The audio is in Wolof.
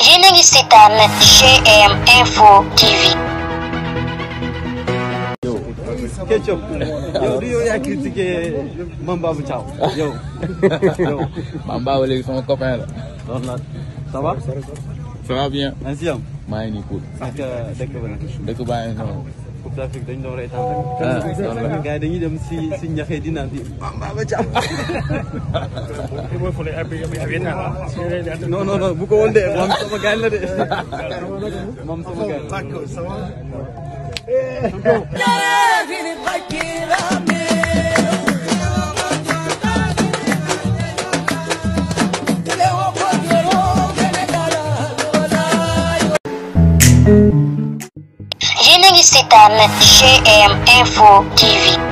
yéen a ngi seetaan Info TV. yow Ketchup yow du yow yaa bien. merci am. maa ngi nii noonu. trafic dañ doon rey tànn rek. ah gars yi dañuy dem si si ñaxee di naan di Bamba ba jàmm. non non non bu ko woon de moom sama gars la de moom sama gars. thank you GM Info TV.